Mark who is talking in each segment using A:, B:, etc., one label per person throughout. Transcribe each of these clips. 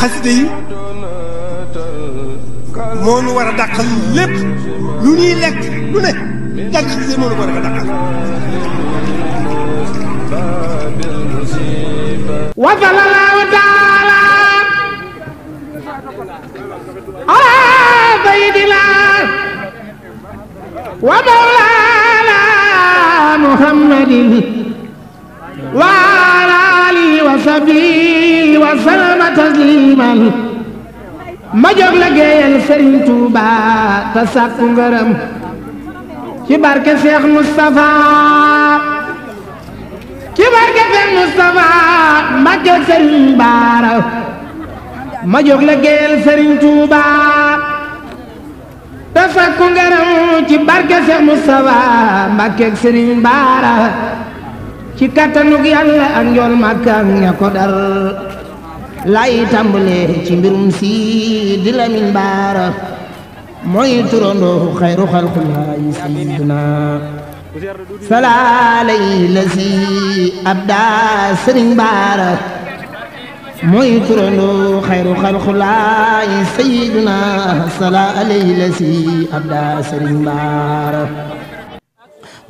A: xasida yi moo nu war a dàqal lépp lu ñuy lekk lu ne jàng xasida yi moo nu war a dàqal
B: wa sallallahu taala ala sayyidina wa mawlana
C: muhammadin wa ala sabi wa salama tasliman ma jóg la géeyal Serigne Touba te sàkku ci barke Cheikh Moustapha ci barke Cheikh ci kattanug yàlla ak njool màkka ak ko dar lay tàmbalee ci mbirum si di lamin baara mooy turandoo xayru xalqulaay sayyidina salaalay la si la si abda sëriñ baara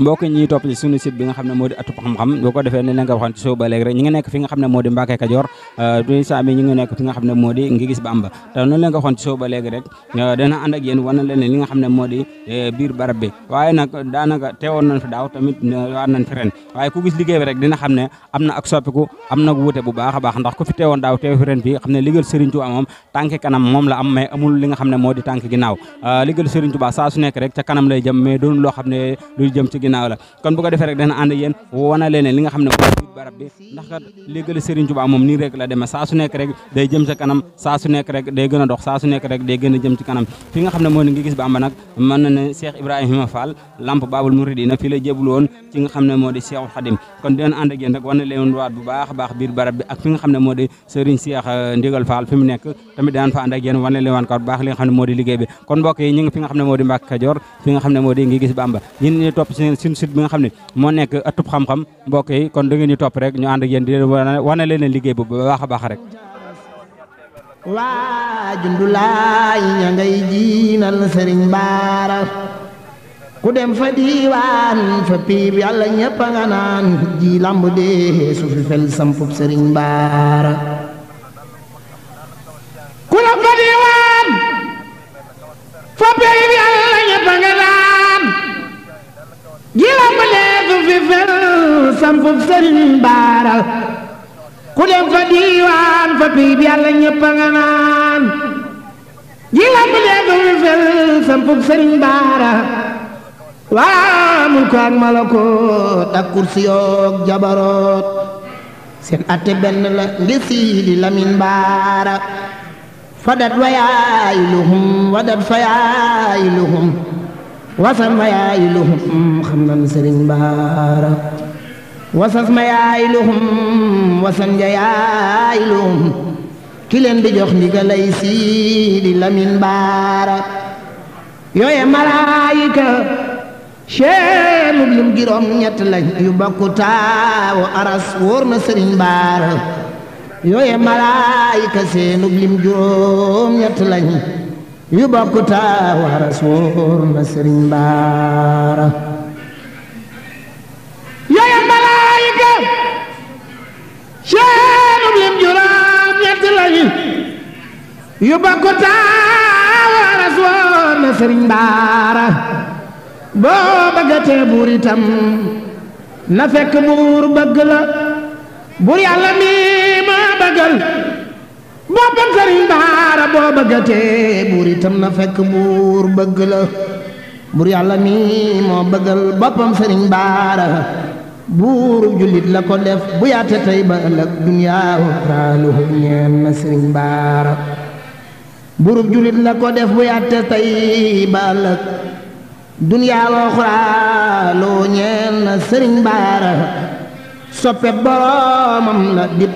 A: mbokk ñi topp ci sunu site bi nga xam ne moo di Atoub Xam Xam boo ko defee ne la nga waxoon ci ne moo di Mbacke Kajoor duñu saami ñi nga ne moo di nga xam ne moo di euh, a nga xam ne moo di euh, euh, tànk ginnaaw liggéey Serigne Touba saa su nekk rek ca kanam lay jëm mais doon loo xam ne luy jëm ci ginnaaw la kon bu ko defee rek dana ànd ak yéen leen li nga xam ne mooy barab bi ndax kat léegale Serigne Touba moom nii rek la demee saa su nekk rek day jëm sa kanam saa nekk rek day gën a dox saa su nekk rek day gën a jëm ci kanam fi nga xam ne moo ni ngi na ne Cheikh Ibrahima Fall lamp Babul Mouridina fii la jéblu woon ci nga xam ne moo di Cheikhul Khadim kon dinañ ànd ak yéen rek wana leen waat a baax biir barab bi ak fi nga xam ne moo di Serigne Cheikh euh, Ndigal daan fa ànd ak yéen wana leen waan ko bu baax li nga xam ne moo di liggéey bi kon mbokk ñi nga xam ne moo di Mbacke Kajoor fi nga xam ne moo di ngi gis Bamba ñi topp ci sin sin bi nga xam mo nek atup xam-xam mbokk yi kon da ngeen ni top rek ñu and ak yeen di wané leen liggey bu baaxa baax rek.
C: wa jundulay ña ngay jiinal sëriñ ku dem fa diwan fa pib yalla ñepp nga naan ji lamb de su fi fel samp serigne bara ku la fa diwan fa pib jilam ba leefu fi fel sampu sëriñ baaral ku dem fa diiwaan fa piib yàlla ñëpp a nga naan jilam ba leefu fi fel sampu sëriñ baaral waa mulku ak malakoot ak kursiyoog jabaroot seen atte benn la ngir siidi lamin baara fadat wa yaayiluhum wadat fa wasas ma yaay luxum xam nan sëriñ baara wasas ma yaay luxum wasan ja yaay luxum ki leen di jox ndigalay siidi lamin baara yooye malaayika seenub lim juróom ñett lañ yu bokku taawu aras wóor na sëriñ baara yooye malaayika seenub lim juróom ñett lañ yu bokk malaayika seenub lim juróom ñetti lañu yu bokk taa wa rasuul ma baara boo bëggatee buur itam na fekk buur bëgg la buur yàlla mi ma bëggal boppam sëriñ baara boo bëggatee buur itam na fekk buur bëgg la buur yàlla mi moo bëggal boppam sëriñ baara buuru jullit la ko def bu yaate tey ba ëllëg na la ko def bu yàtte tey ba ëllëg duniyaa waxuraaloo ñeel na sëriñ baara soppe boromam la di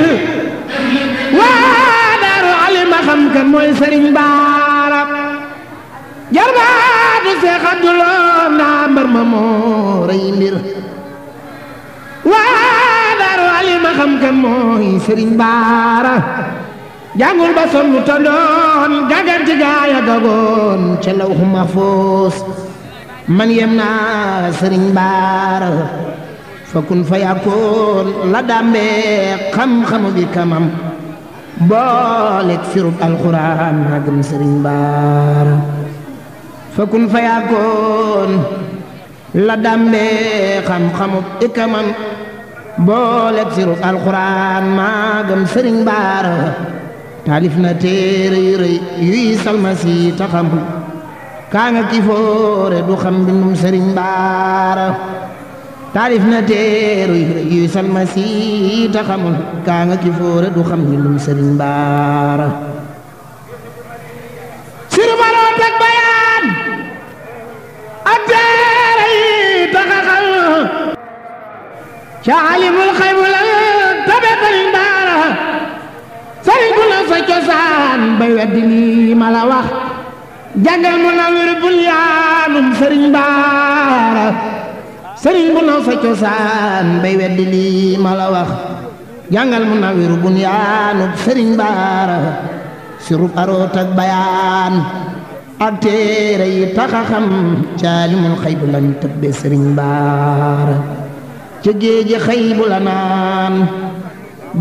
B: biir waa
C: daaru alima xam kan mooy sëriñ baara jarbaatu Seex Abduloo ndaa mbar ma moo rëy daaru alima xam kan mooy sëriñ baara jàngul ba sonn ta doon gaaya gagoon ca lawhu mahfuus man yem naa sëriñ baara فكن فيكون لدمي خم خم بكمم بالك فرق القرآن هاكم سرين بار فكن فيكون لدمي خم خم بكمم بولك سيرو القران ما غم سرين بار تالف نتيري ري يويس المسيح تخم كان كيفور دو بنم سرين بار tarif na teeru yu salmasi te xamul kanga nga du xam ni lum serin bar
B: siru maro teg bayan ak takal yi taxaxal ca alimul xaybulal tabe
C: sëriñ bar sëriñ bu la sa cosaan bay weddi lii wax jangal mo na wér bul lum serin bar serigne bu naw sa cosaan bay weddi li mala la wax jàngal mu nawiru bun yaanub sëriñ baara sirub aroot ak bayan ak téere yi taxa neku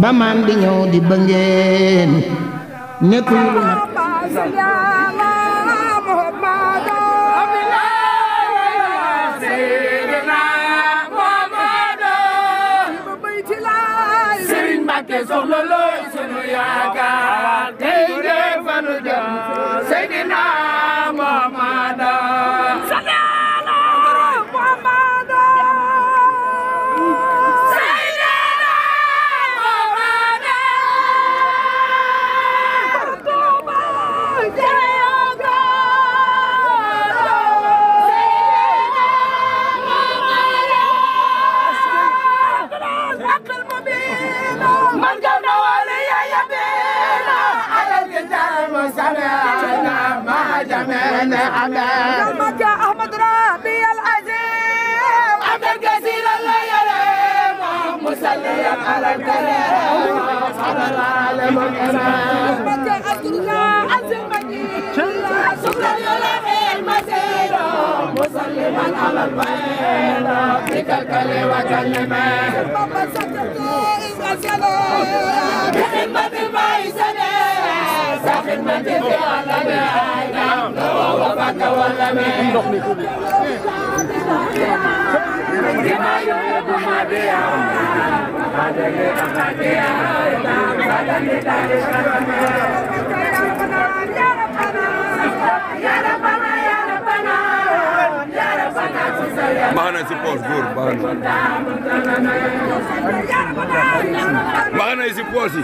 C: ba man di ñew di bangeen nekul lu
B: te soxla looy sunu yaakaar tey de fanu jëm Seydina لمن على البيت بك الكل وكلمه بخدمة الميزانة خدمة في عالمنا لو هو بك ولا بما يحب ما بيع هذا اللي أخذيها هذا اللي تعيش يا ربنا يا ربنا يا ربنا
A: baax na si poos góor baax na baax na si poos yi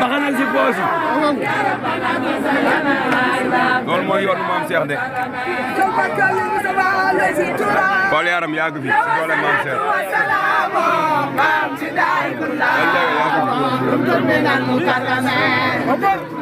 A: baax na si poos yi loolu mooy yoonu maam Cheikh de xool yaram yàgg fi si doole maam
B: Cheikh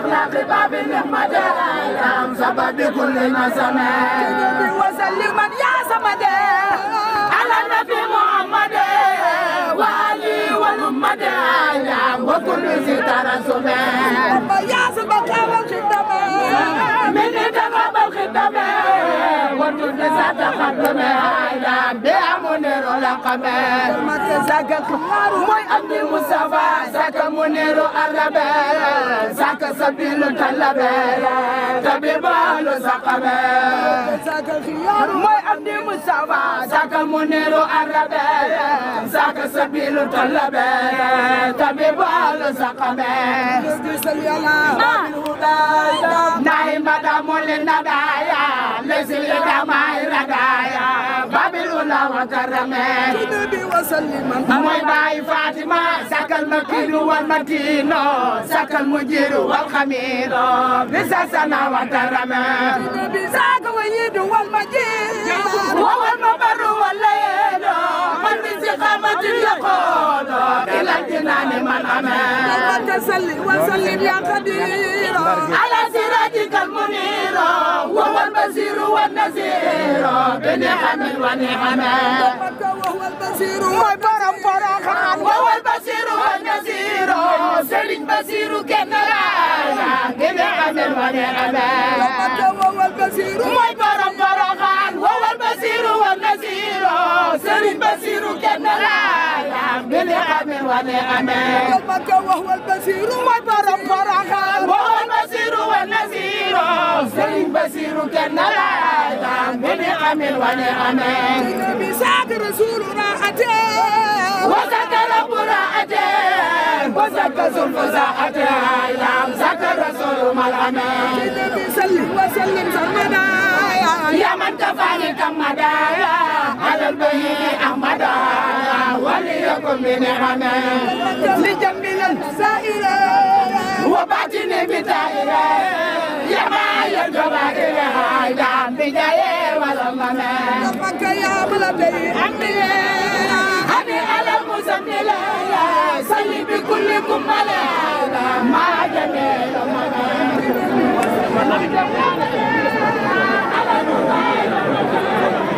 B: بإخلاق باب النعمة إلهام سبب بكل نسمة وسلم يا سمد على النبي محمد وعلي ونمد إلهام وكل ذي ترسم يا سبق الخدمة من تقبل الخدمة وتدنسى تخدمة be amonero laqabe mate zaka moy abdi musafa zaka monero arabe zaka sabilu talabe tabibalu saqabe zaka khiyar moy abdi musafa zaka monero arabe zaka sabilu talabe tabibalu saqabe naimada molenada ya رسل دماي ردايا بابل ولا وكرمه تدبي وسلم موي باي فاطمة سكل مكين والمتين سكل مجير والخمير بسا سنة وكرمه ساق ويد والمجيد وهو المبر والليل من بسقامة يقول إلى الجنان من أمان وسلم يا قدير على سير وهو النزير بنعم ونعمة وهو البصير وبرم برخان وهو البصير والنزير سلم بصير كنرايا بنعم ونعمة وهو البصير وبرم برخان وهو البصير والنزير سلم بصير كنرايا بنعم ونعمة وهو البصير وبرم برخان وهو البصير والنزير سلم بصير كنرايا بنعم ونعم بساك رسول راحته وزك رب راحته وزك ذو الفزاحته يا زك رسول ملعمه سلم وسلم سرمدا يا من كفاني كمدا على البيت احمدا
C: وليكن بنعمه
B: لجميل السائلين وباتن بتاعنا يا ما يجبك يا هايدان بجاي ولا منا فك يا بلدي أمي أمي على المزمل صلي بكلكم ملالا ما جميل منا على نور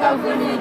A: Wakafu ni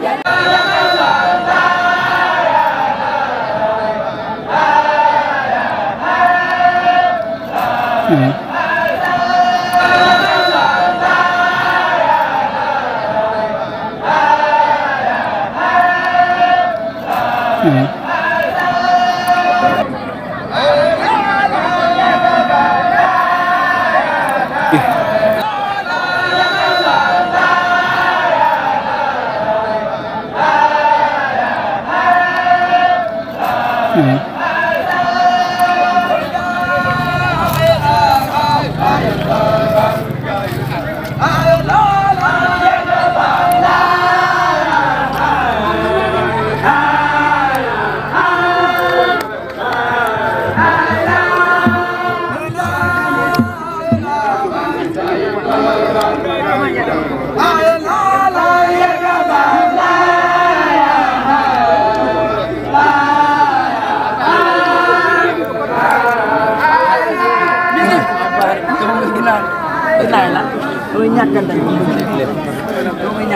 A: ñàkkal daal moom mooy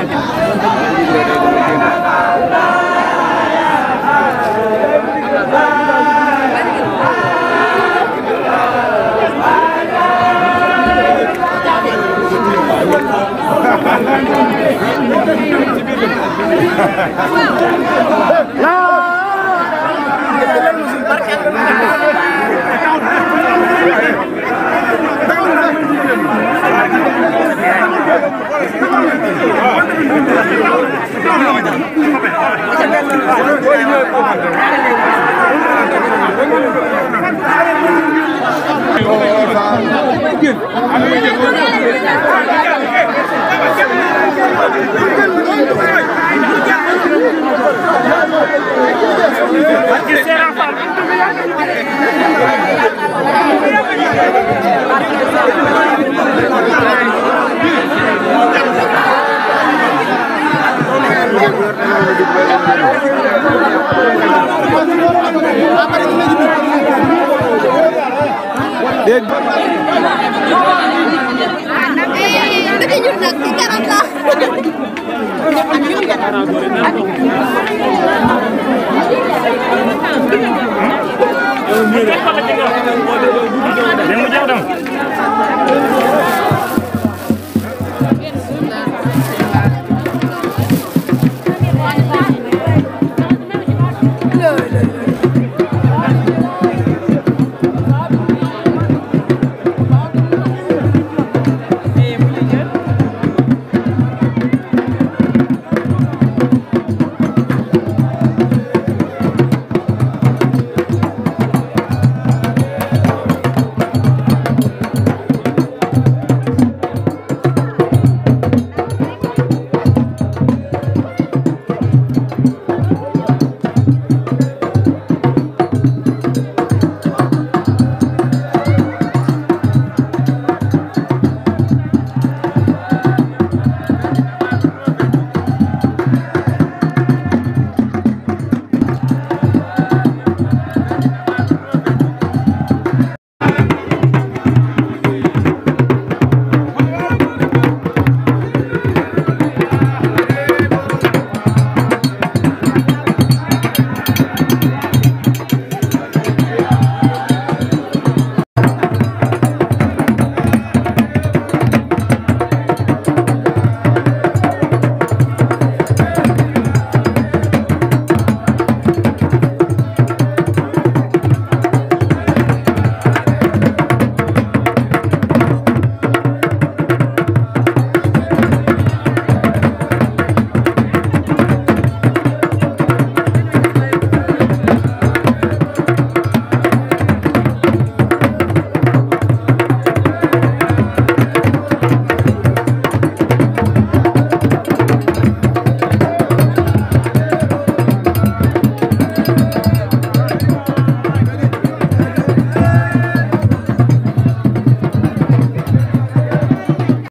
B: Yang menjawab dong.